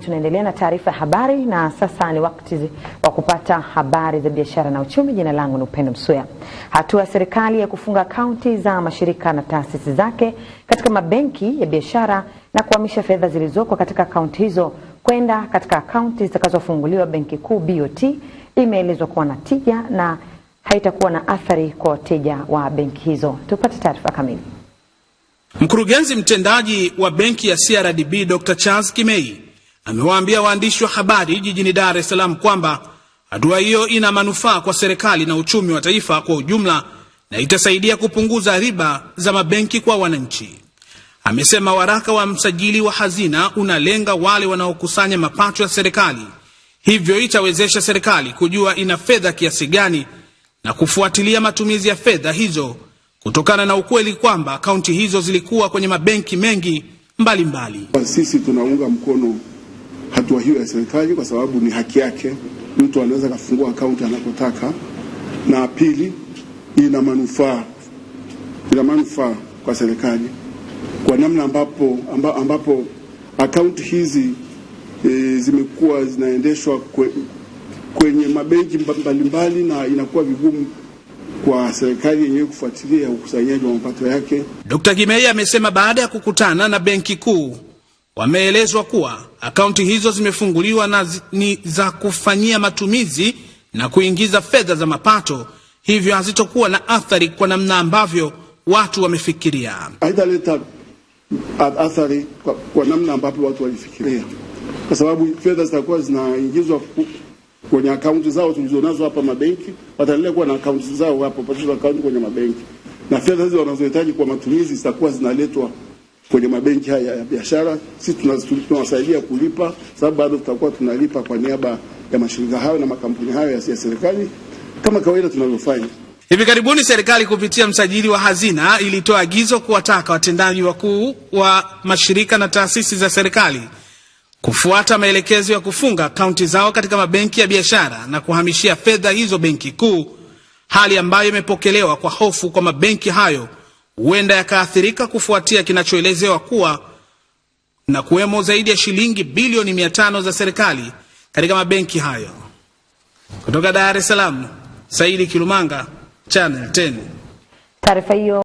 Tunaendelea na taarifa ya habari na sasa ni wakati wa kupata habari za biashara na uchumi. Jina langu ni Upendo Msuya. Hatua ya serikali ya kufunga akaunti za mashirika na taasisi zake katika mabenki ya biashara na kuhamisha fedha zilizoko katika akaunti hizo kwenda katika akaunti zitakazofunguliwa Benki Kuu BOT imeelezwa kuwa na tija na haitakuwa na athari kwa wateja wa benki hizo. Tupate taarifa kamili. Mkurugenzi mtendaji wa benki ya CRDB Dr. Charles Kimei amewaambia waandishi wa habari jijini Dar es Salaam kwamba hatua hiyo ina manufaa kwa serikali na uchumi wa taifa kwa ujumla na itasaidia kupunguza riba za mabenki kwa wananchi. Amesema waraka wa msajili wa hazina unalenga wale wanaokusanya mapato ya serikali, hivyo itawezesha serikali kujua ina fedha kiasi gani na kufuatilia matumizi ya fedha hizo kutokana na ukweli kwamba kaunti hizo zilikuwa kwenye mabenki mengi mbalimbali mbali. Sisi tunaunga mkono hatua hiyo ya serikali, kwa sababu ni haki yake. Mtu anaweza kafungua akaunti anapotaka, na pili, ina manufaa ina manufaa kwa serikali kwa namna ambapo, ambapo akaunti hizi e, zimekuwa zinaendeshwa kwe, kwenye mabenki mbalimbali na inakuwa vigumu kwa serikali yenyewe kufuatilia ukusanyaji wa mapato yake. Dkt. gimei amesema baada ya kukutana na Benki Kuu wameelezwa kuwa akaunti hizo zimefunguliwa na zi, ni za kufanyia matumizi na kuingiza fedha za mapato, hivyo hazitokuwa na athari kwa namna ambavyo watu wamefikiria. Haitaleta athari kwa, kwa namna ambavyo watu walifikiria, kwa sababu fedha zitakuwa zinaingizwa kwenye akaunti zao tulizonazo hapa mabenki. Wataendelea kuwa na akaunti zao hapo, akaunti kwenye mabenki, na fedha hizo wanazohitaji kwa matumizi zitakuwa zinaletwa kwenye mabenki haya ya biashara. Sisi tunawasaidia kulipa, sababu bado tutakuwa tunalipa kwa niaba ya mashirika hayo na makampuni hayo ya serikali kama kawaida tunavyofanya. Hivi karibuni serikali kupitia msajili wa hazina ilitoa agizo kuwataka watendaji wakuu wa mashirika na taasisi za serikali kufuata maelekezo ya kufunga akaunti zao katika mabenki ya biashara na kuhamishia fedha hizo benki kuu, hali ambayo imepokelewa kwa hofu kwa mabenki hayo huenda yakaathirika kufuatia kinachoelezewa kuwa na kuwemo zaidi ya shilingi bilioni mia tano za serikali katika mabenki hayo. Kutoka Dar es Salaam, Saidi Kilumanga, Channel 10. Taarifa hiyo